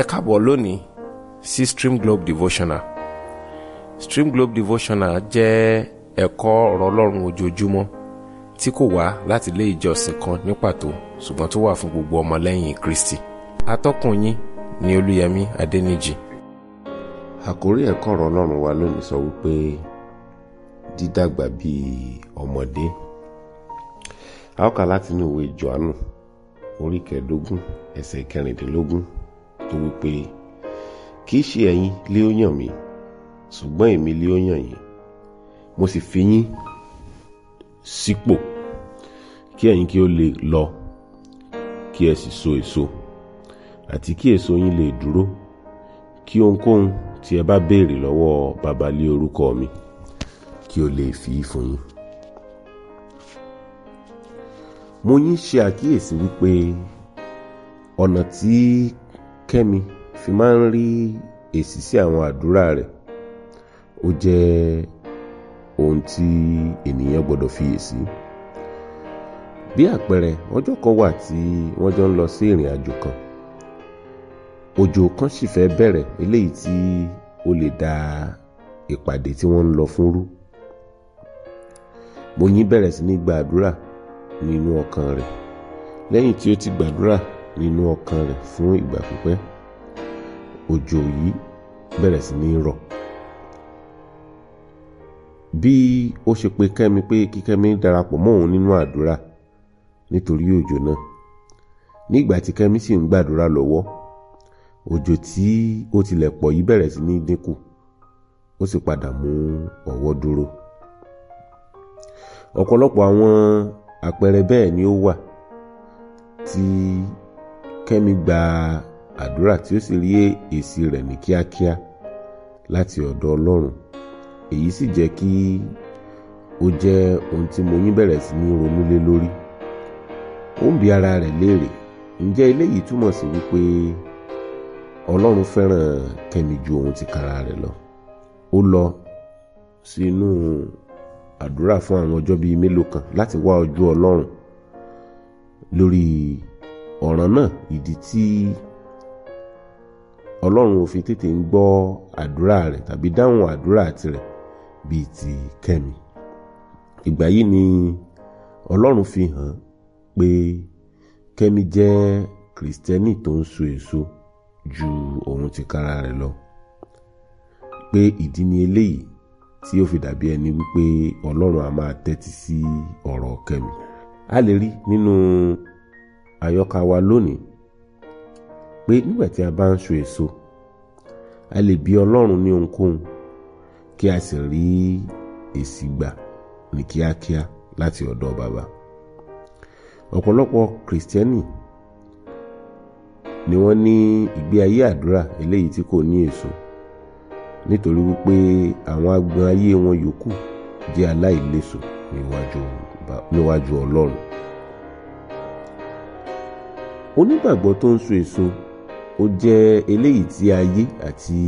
ẹ káàbọ̀ lónìí sí stream globe devotional stream globe devotional jẹ́ ẹ̀kọ́ ọ̀rọ̀ ọlọ́run ojoojúmọ́ tí kò wá láti ilé ìjọsìn kan ní pàtó ṣùgbọ́n tó wà fún gbogbo ọmọlẹ́yìn kristi atọ́kùn yín ni olúyẹmí adẹ́nìjì. àkórí ẹ̀kọ́ ọ̀rọ̀ ọlọ́run wa lónìí sọ wípé dídàgbà bíi ọmọdé a ó kà látinú ìwé johannu orí kẹẹ̀ẹ́dógún ẹsẹ̀ kẹrìndínlógún tó wí pé kì í ṣe ẹ̀yin lé ó yàn mí ṣùgbọ́n èmi lé ó yàn yín mo sì fi yín sípò kí ẹ̀yin kí ó lè lọ kí ẹ sì so èso àti kí èso yín lè dúró kí ohunkóhun tí ẹ bá béèrè lọ́wọ́ baba lé orúkọ mi kí ó lè fi fún yín. mo yín ṣe àkíyèsí wípé ọ̀nà tí Kẹ́mi fi máa ń rí èsì sí àwọn àdúrà rẹ̀ ó jẹ́ ohun tí ènìyàn gbọ́dọ̀ fiyèsí. Bí àpẹẹrẹ, ọjọ́ kan wà tí wọ́n jọ ń lọ sí ìrìnàjò kan. Òjò kan sì fẹ́ bẹ̀rẹ̀ eléyìí tí ó lè da ìpàdé tí wọ́n ń lọ fún rú. Moyin bẹ̀rẹ̀ sí ní gba nínú ọkàn rẹ̀. Lẹ́yìn tí ó ti gbàdúrà nínú ọkàn rẹ̀ fún ìgbà pípẹ́ òjò yìí bẹ̀rẹ̀ sí ní rọ̀ bí ó ṣe pe kẹ́mi pé kí kẹ́mi darapọ̀ mọ́ òun nínú àdúrà nítorí òjò náà nígbà tí kẹ́mi sì ń gbàdúrà lọ́wọ́ òjò tí ó tilẹ̀ pọ̀ yìí bẹ̀rẹ̀ sí ní dínkù ó sì padà mú ọwọ́ dúró ọ̀pọ̀lọpọ̀ àwọn àpẹẹrẹ bẹ́ẹ̀ ni ó wà tí kẹ́mi gba àdúrà tí ó sì rí èsì rẹ̀ ní kíákíá láti ọ̀dọ̀ ọlọ́run èyí sì jẹ́ kí ó jẹ́ ohun tí mo yín bẹ̀rẹ̀ sí ní ronú lé lórí ó ń bi ara rẹ̀ léèrè ǹjẹ́ eléyìí túmọ̀ sí wípé ọlọ́run fẹ́ràn kẹ́mi ju ohun ti kara rẹ̀ lọ ó lọ sínú àdúrà fún àwọn ọjọ́ bíi mélòó kan láti wá ojú ọlọ́run lórí ọ̀ràn náà ìdí tí ọlọ́run ò fi tètè ń gbọ́ àdúrà rẹ̀ tàbí dáhùn àdúrà tirẹ̀ bíi ti kẹ́mi ìgbà yìí ni ọlọ́run fi hàn pé kẹ́mi jẹ́ kìrìsìtẹ́nì tó ń so èso ju òun ti kára rẹ̀ lọ pé ìdí ni eléyìí tí ó fi dàbí ẹni wípé ọlọ́run a máa tẹ́tí sí ọ̀rọ̀ kẹ́mi a lè rí nínú àyọkà wa lónìí pé nígbà tí a bá ń so èso a lè bí ọlọ́run ní ohunkóhun kí a sì rí èsì gbà ní kíákíá láti ọ̀dọ̀ bàbá ọ̀pọ̀lọpọ̀ kìrìsìtẹ́nì ni wọ́n ní ìgbé ayé àdúrà eléyìí tí kò ní èso nítorí wípé àwọn agbọn ayé wọn yòókù jẹ́ aláìléso níwájú ọlọ́run onígbàgbọ́ tó ń so èso ó jẹ́ eléyìí tí ayé àti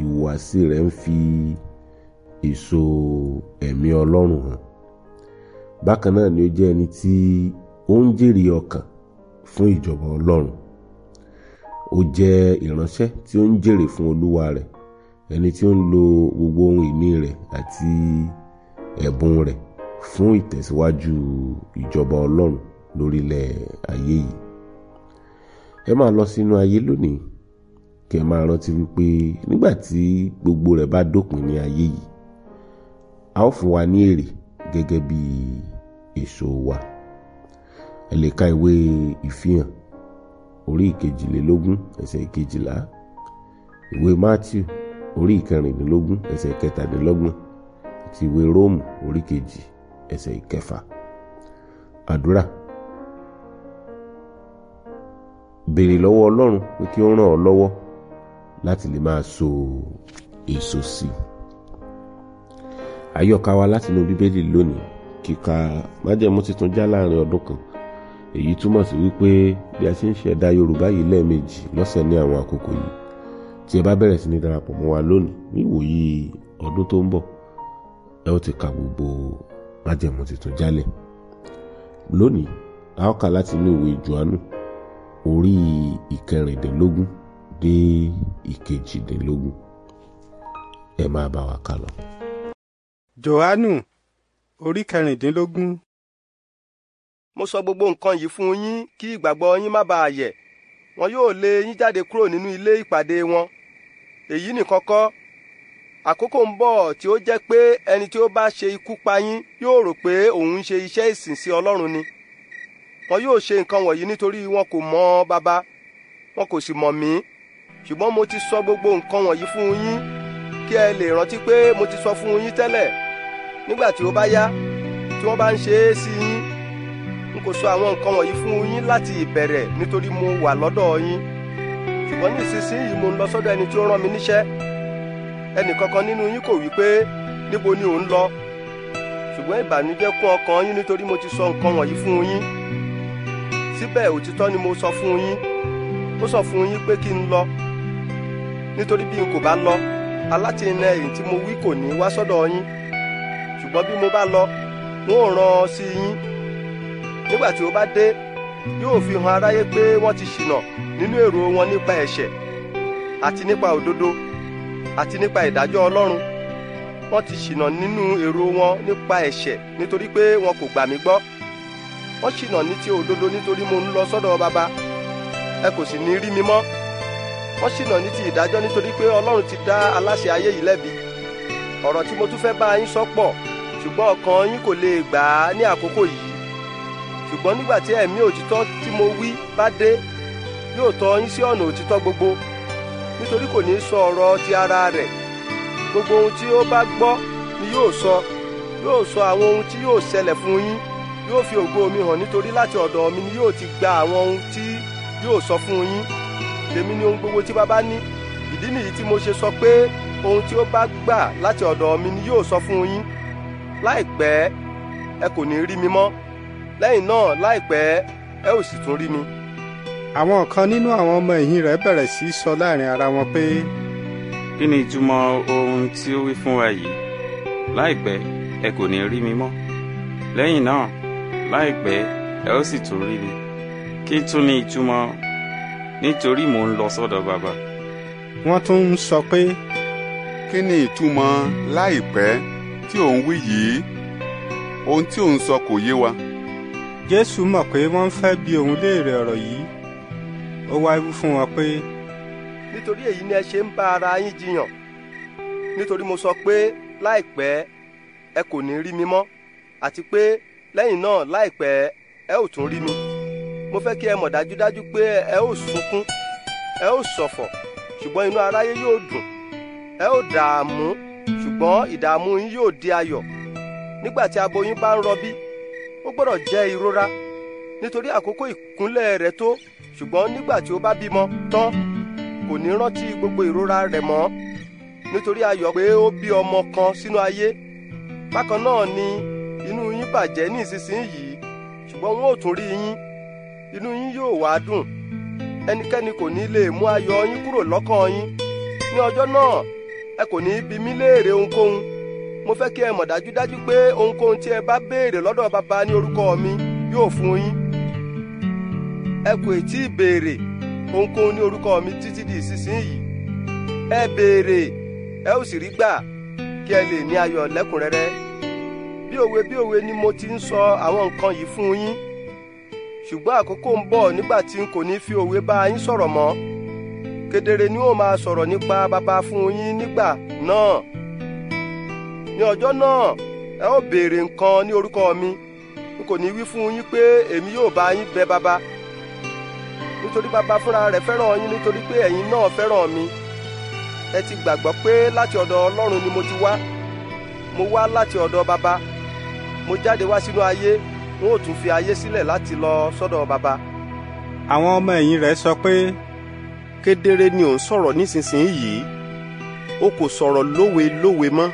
ìhùwàsí rẹ̀ ń fi èso ẹ̀mí ọlọ́run hàn bákan náà ni ó jẹ́ ẹni tí ó ń jèrè ọkàn fún ìjọba ọlọ́run ó jẹ́ ìránṣẹ́ tí ó ń jèrè fún olúwa rẹ̀ ẹni tí ó ń lo gbogbo ohun ìní rẹ̀ àti ẹ̀bùn rẹ̀ fún ìtẹ̀síwájú ìjọba ọlọ́run lórílẹ̀ ayé yìí ẹ máa lọ sínú ayé lónìí kẹ máa rántí wípé nígbà tí gbogbo rẹ̀ bá dópin ní ayé yìí a ó fún wa ní èrè gẹ́gẹ́ bí èso wa ẹ lè ka ìwé ìfihàn orí ìkejìlélógún ẹsẹ̀ ìkejìlá ìwé matthew orí ìkẹrìndínlógún ẹsẹ̀ ìkẹtàdínlọ́gbọ̀n àti ìwé róòmù orí kejì ẹsẹ̀ ìkẹfà àdúrà béèrè lọ́wọ́ ọlọ́run pé kí ó ràn ọ́ lọ́wọ́ láti lè máa so èso sí i àyọkà wa látinú bíbélì lónìí kíka májẹ̀mú tuntun já láàrin ọdún kan èyí túmọ̀ sí wípé bí a ṣe ń ṣẹ̀dá yorùbá yìí lẹ́ẹ̀mejì lọ́sẹ̀ ní àwọn àkókò yìí tí ẹ bá bẹ̀rẹ̀ sí ní darapọ̀ mọ́ wa lónìí ní ìwòyí ọdún tó ń bọ̀ ẹ ó ti ka gbogbo májẹ̀mú tuntun jálẹ̀ lónìí a kà látinú ìwé jòhánù orí ìkẹrìndínlógún dé ìkejìdínlógún ẹ máa bá wa kà lọ. johanu orí kẹrìndínlógún. mo sọ gbogbo nǹkan yìí fún yín kí ìgbàgbọ́ yín má bàa yẹ̀ wọn yóò lé yín jáde kúrò nínú ilé ìpàdé wọn èyí nìkan kọ́ àkókò ń bọ̀ tí ó jẹ́ pé ẹni tí ó bá ṣe ikú pa yín yóò rò pé òun ń ṣe iṣẹ́ ìsìn sí ọlọ́run ni wọn yóò ṣe nǹkan wọ̀nyí nítorí wọn kò mọ baba. wọn kò sì mọ̀ mí ṣùgbọ́n mo ti sọ gbogbo nǹkan wọ̀nyí fún yín kí ẹ lè rántí pé mo ti sọ fún yín tẹ́lẹ̀ nígbà tí ó bá yá tí wọ́n bá ń ṣe é sí yín n kò sọ àwọn nǹkan wọ̀nyí fún yín láti ìbẹ̀rẹ̀ nítorí mo wà lọ́dọ̀ yín ṣùgbọ́n ní ìsinsìnyí mo ń lọ sọ́dọ̀ ẹni tí ó rán mi níṣẹ́ ẹnì kankan nínú yín kò wí pé níbo ni òun lọ ṣùgbọ́n ìbànújẹ́ kún ọkàn yín nítorí mo ti sọ nǹkan wọ̀nyí fún yín síbẹ̀ òtítọ́ ni mo sọ fún yín mo sọ fún yín pé kí n lọ nítorí bí n kò bá lọ alátìlẹ́yìn tí mo wí kò ní wá sọ́dọ̀ yín ṣùgbọ́n bí mo bá lọ wọn ò rán ọ sí yín nígbà tí ó bá dé yóò fi hàn aráyé pé wọ́n ti ṣìnà nínú èrò wọn nípa ẹ̀ṣẹ̀ àti nípa òdodo àti nípa ìdájọ́ Ọlọ́run wọ́n ti ṣìnà nínú èrò wọn nípa ẹ̀ṣẹ̀ nítorí pé wọn kò gbà mí gbọ́ wọ́n ṣìnà ní ti òdodo nítorí mo ń lọ sọ́dọ̀ bàbá ẹ kò sì ní rí mi mọ́ wọ́n ṣìnà ní ti ìdájọ́ nítorí pé ọlọ́run ti dá aláṣẹ ayé yìí lẹ́bi ọ̀rọ̀ tí mo tún fẹ́ bá yín sọ pọ̀ ṣùgbọ́n ọkàn yín kò lè gbà á ní àkókò yìí ṣùgbọ́n nígbà tí ẹ̀mí òtítọ́ tí mo wí bá dé yóò tọ́ yín sí ọ̀nà òtítọ́ gbogbo nítorí kò ní sọ ọ̀rọ̀ ti ara rẹ̀ gbogbo ohun tí ó bá gbọ́ ni yóò sọ yóò sọ àwọn ohun tí yóò ṣẹlẹ̀ fún yín yóò fi ògo mi hàn nítorí láti ọ̀dọ̀ mi ni yóò ti gba àwọn ohun tí yóò sọ fún yín tèmi ni ohun gbogbo tí bàbá ní ìdí nìyí tí mo ṣe sọ pé ohun tí ó bá gbà láti ọ̀dọ̀ mi ni yóò sọ fún yín láìpẹ́ ẹ kò ní rí mi mọ́ lẹ́yìn náà láìpẹ́ ẹ ò sì tún rí mi. àwọn kan nínú àwọn ọmọ ẹ̀yìn rẹ̀ bẹ̀rẹ̀ sí í sọ láàrin ara wọn pé. kí ni ìtumọ̀ ohun tí ó wí fún wa yìí láìpẹ́ ẹ kò ní rí mi mọ́ lẹ́yìn náà láìpẹ́ ẹ ó sì tún rí mi kí tún ni ìtumọ̀ nítorí mò ń lọ sọ́dọ̀ bàbá. wọ́n tún ń sọ pé. kí ni ìtumọ̀ láìpẹ́ tí ò ń wí yìí ohun tí ò ń sọ kò yé wa. jésù mọ̀ pé wọ́n ń fẹ́ bi òun léèrè ọ̀rọ̀ yìí ó wá wí fún wọn pé. nítorí èyí ni ẹ ṣe ń bá ara yín jiyàn nítorí mo sọ pé láìpẹ́ ẹ kò ní rí mi mọ́ àti pé lẹ́yìn náà láìpẹ́ ẹ ò tún rí mi mo fẹ́ kí ẹ mọ̀ dájúdájú pé ẹ ò sunkún ẹ ò sọ̀fọ̀, ṣùgbọ́n inú aráyé yóò dùn ẹ ò dààmú ṣùgbọ́n ìdààmú yín yóò di ayọ̀ nígbà tí aboyún bá ń rọbí ó gbọ́dọ̀ jẹ́ ìrora nítorí àkókò ìkúnlẹ̀ rẹ̀ tó ṣùgbọ́n nígbà tí ó bá bímọ tán kò ní rántí gbogbo ìrora rẹ̀ mọ́ nítorí ayọ̀ pé ó bí ọmọ kan sínú ayé bákan náà ni yín bàjẹ́ ní ìsinsìnyí ṣùgbọ́n wọn ò tún rí yín inú yín yóò wá dùn ẹnikẹ́ni kò ní lè mú ayọ̀ yín kúrò lọ́kàn yín ní ọjọ́ náà ẹ kò ní bi mí léèrè ohunkóhun mo fẹ́ kí ẹ mọ̀ dájúdájú pé ohunkóhun tí ẹ bá béèrè lọ́dọ̀ bàbá ní orúkọ mi yóò fún yín ẹ kò tí ì béèrè ohunkóhun ní orúkọ mi títí di ìsinsìnyí ẹ béèrè ẹ ó sì rí gbà kí ẹ lè ní ayọ̀ lẹ́kùnrẹ́rẹ́ bí òwe bí òwe ni mo ti ń sọ àwọn nǹkan yìí fún yín ṣùgbọ́n àkókò ń bọ̀ nígbà tí n kò ní fi òwe bá yín sọ̀rọ̀ mọ́ kedere ni ó máa sọ̀rọ̀ nípa baba fún yín nígbà náà ní ọjọ́ náà ẹ ó béèrè nǹkan ní orúkọ mi n kò ní wí fún yín pé èmi yóò bá yín bẹ̀ baba nítorí baba fúnra rẹ̀ fẹ́ràn yín nítorí pé ẹ̀yin náà fẹ́ràn mi ẹ ti gbàgbọ́ pé láti ọ̀dọ̀ Ọlọ́run ni mo ti wá mo wá láti ọ̀dọ̀ baba mo jáde wá sínú ayé n ó tún fi ayé sílẹ̀ láti lọ sọ́dọ̀ baba. àwọn ọmọ ẹ̀yìn rẹ̀ sọ pé. kedere ni ò ń sọ̀rọ̀ nísinsìnyí o kò sọ̀rọ̀ lówe lówe mọ́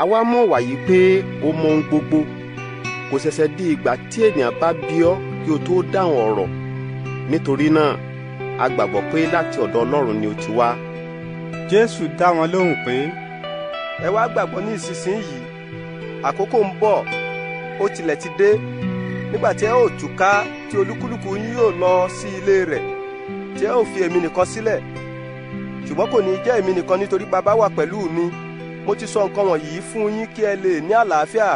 àwa mọ̀ wàyí pé o mọ ohun gbogbo kò ṣẹ̀ṣẹ̀ di ìgbà tí ènìyàn bá bí ọ kí o tó dáhùn ọ̀rọ̀ nítorí náà a gbàgbọ́ pé láti ọ̀dọ̀ ọlọ́run ni o ti wá. jésù dá wọn lóhùn pé. ẹ wá gbàgbọ́ ní ìsinsìnyí àkókò ń bọ̀ ó tilẹ̀ ti dé nígbà tí ẹ ó túká tí olúkúlùkù yín yóò lọ sí ilé rẹ̀ tí ẹ ó fi èmi nìkan sílẹ̀ ṣùgbọ́n kò ní jẹ́ èmi nìkan nítorí bàbá wà pẹ̀lú mi mo ti sọ nǹkan wọ̀nyí fún yín kí ẹ lè ní àlàáfíà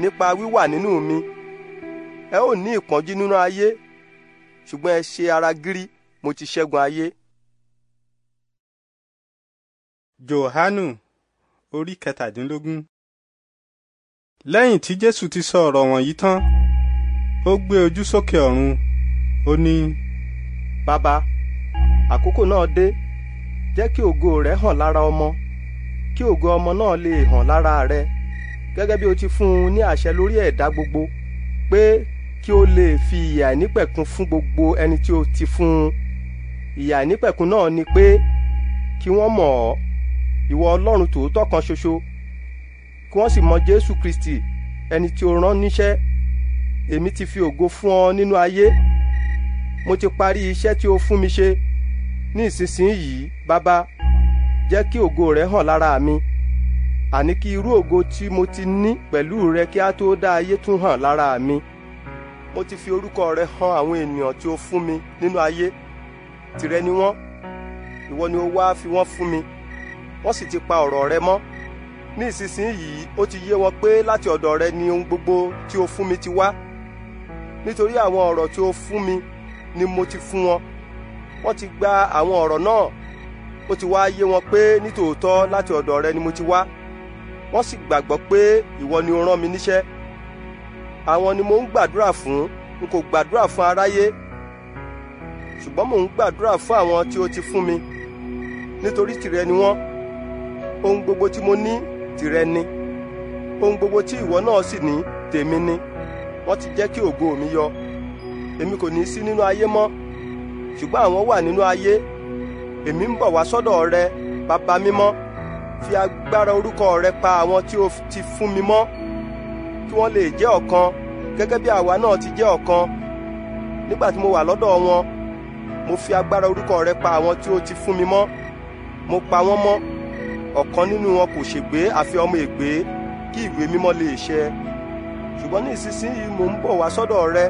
nípa wíwà nínú mi ẹ ó ní ìpọ́njú nínú ayé ṣùgbọ́n ẹ ṣe ara gírí mo ti ṣẹ́gun ayé. Jòhánù orí kẹtàdínlógún lẹ́yìn tí jésù ti sọ ọ̀rọ̀ wọ̀nyí tán ó gbé ojú sókè ọ̀run ó ní. bàbá àkókò náà dé jẹ́ kí ògo rẹ hàn lára ọmọ kí ògo ọmọ náà lè hàn lára rẹ gẹ́gẹ́ bí o ti fún un ní àṣẹ lórí ẹ̀dá gbogbo pé kí o lè fi ìyà ìnípẹ̀kun fún gbogbo ẹni tí o ti fún un ìyà ìnípẹ̀kun náà ni pé kí wọ́n mọ̀ ọ́ ìwọ ọlọ́run tòótọ́ kan ṣoṣo kí wọ́n sì mọ Jésù Kristi ẹni tí o rán níṣẹ́ èmi ti fi ògo fún ọ nínú ayé mo ti parí iṣẹ́ tí o fún mi ṣe ní ìsinsìnyí bàbá jẹ́ kí ògo rẹ hàn lára mi àní kí irú ògo tí mo ti ní pẹ̀lú rẹ kí a tó dá ayé tún hàn lára mi mo ti fi orúkọ rẹ hàn àwọn ènìyàn tí o fún mi nínú ayé tìrẹ ni wọ́n ìwọ ni o wá fi wọ́n fún mi wọ́n sì ti pa ọ̀rọ̀ rẹ mọ́ ní ìsinsìnyí ó ti yé wọn pé láti ọ̀dọ̀ rẹ ni ohun gbogbo tí o fún mi ti wá nítorí àwọn ọ̀rọ̀ tí o fún mi ni mo ti fún wọn wọ́n ti gba àwọn ọ̀rọ̀ náà ó ti wá yé wọn pé nítòótọ́ láti ọ̀dọ̀ rẹ ni mo ti wá wọ́n sì gbàgbọ́ pé ìwọ ni o rán mi níṣẹ́ àwọn ni mo ń gbàdúrà fún n kò gbàdúrà fún aráyé ṣùgbọ́n mò ń gbàdúrà fún àwọn tí o ti fún mi nítorí tìrẹ ni wọ́n ohun gbogbo tí mo ní tìrẹ ni ohun gbogbo tí ìwọ náà sì ní tèmi ni wọ́n ti jẹ́ kí ògo mi yọ èmi kò ní sí nínú ayé mọ́ ṣùgbọ́n àwọn wà nínú ayé èmi ń bọ̀ wá sọ́dọ̀ rẹ bàbá mímọ́ fi agbára orúkọ rẹ pa àwọn tí o ti fún mi mọ́ kí wọ́n lè jẹ́ ọ̀kan gẹ́gẹ́ bí àwa náà ti jẹ́ ọ̀kan nígbà tí mo wà lọ́dọ̀ wọn mo fi agbára orúkọ rẹ pa àwọn tí o ti fún mi mọ́ mo pa wọ́n mọ́ ọ̀kan nínú wọn kò ṣègbé àfi ọmọ ègbé kí ìwé mímọ́ lè ṣẹ ṣùgbọ́n ní ìsinsìnyí mò ń bọ̀ wá sọ́dọ̀ rẹ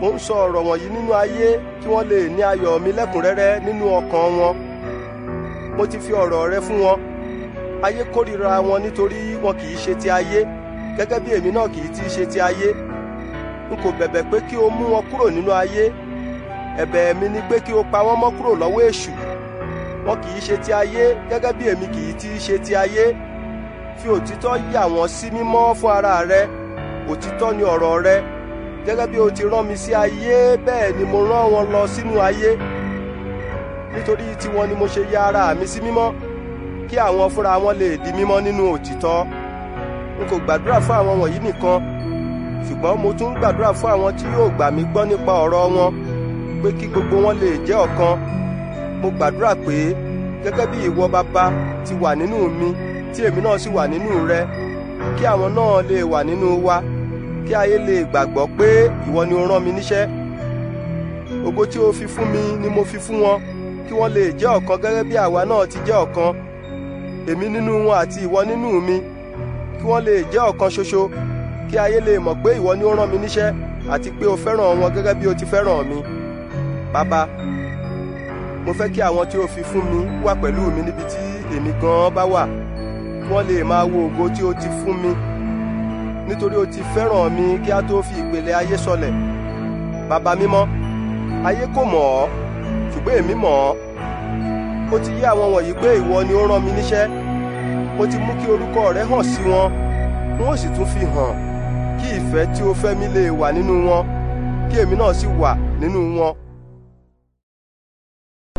mo ń sọ ọ̀rọ̀ wọ̀nyí nínú ayé kí wọ́n lè ní ayọ̀ mi lẹ́kùnrẹ́rẹ́ nínú ọkàn wọn mo ti fi ọ̀rọ̀ rẹ fún wọn ayé kórìíra wọn nítorí wọn kì í ṣe ti ayé gẹ́gẹ́ bí èmi náà kì í ti ṣe ti ayé n kò bẹ̀bẹ̀ pé kí o mú wọn kúrò nínú ayé ẹ̀bẹ̀ mi ni pé kí o pa wọ́n mọ́ kúrò lọ́wọ́ èṣù wọn kì í ṣe ti ayé gẹ́gẹ́ bí èmi kì í ti ṣe ti ayé fi òtítọ́ yà wọ́n sí mímọ́ fún ara rẹ òtítọ́ ni ọ̀rọ̀ rẹ gẹ́gẹ́ bí o ti rán mi sí ayé bẹ́ẹ̀ ni mo rán wọn lọ sínú ayé nítorí tiwọn ni mo ṣe ya ara mi sí mímọ́ kí àwọn fúnra wọn lè di mímọ́ nínú òtítọ́ n kò gbàdúrà fún àwọn wọ̀nyí nìkan ṣùgbọ́n mo tún gbàdúrà fún àwọn tí yóò gbà mí gbọ́ nípa ọ̀rọ̀ wọn pé kí gbogbo wọn lè jẹ́ ọ̀kan mo gbàdúrà pé gẹ́gẹ́ bí ìwọ bàbá ti wà nínú mi tí èmi náà sì wà nínú rẹ kí àwọn náà lè wà nínú wa kí ayé lè gbàgbọ́ pé ìwọ ni o rán mi níṣẹ́ ògo tí o fi fún mi ni mo fi fún wọn kí wọ́n lè jẹ́ ọ̀kan gẹ́gẹ́ bí àwa náà ti jẹ́ ọ̀kan èmi nínú wọn àti ìwọ nínú mi kí wọ́n lè jẹ́ ọ̀kan ṣoṣo kí ayé lè mọ̀ pé ìwọ ni ó rán mi níṣẹ́ àti pé o fẹ́ràn wọn gẹ́gẹ́ bí o ti fẹ́ràn mi. bàbá mo fẹ́ kí àwọn tí ó fi fún mi wà pẹ̀lú mi níbi tí èmi gan bá wà wọ́n lè máa wo ògo tí ó ti fún mi nítorí o ti fẹ́ràn mi kí a tó fi ìpele ayé sọlẹ̀ bàbá mímọ́ ayé kò mọ̀ ọ́ ṣùgbọ́n èmi mọ̀ ọ́ ó ti yé àwọn wọ̀nyí pé ìwọ ni ó rán mi níṣẹ́ ó ti mú kí orúkọ rẹ hàn sí wọn wọn ó sì tún fi hàn kí ìfẹ́ tí ó fẹ́ mi lè wà nínú wọn kí èmi náà sì wà nínú wọn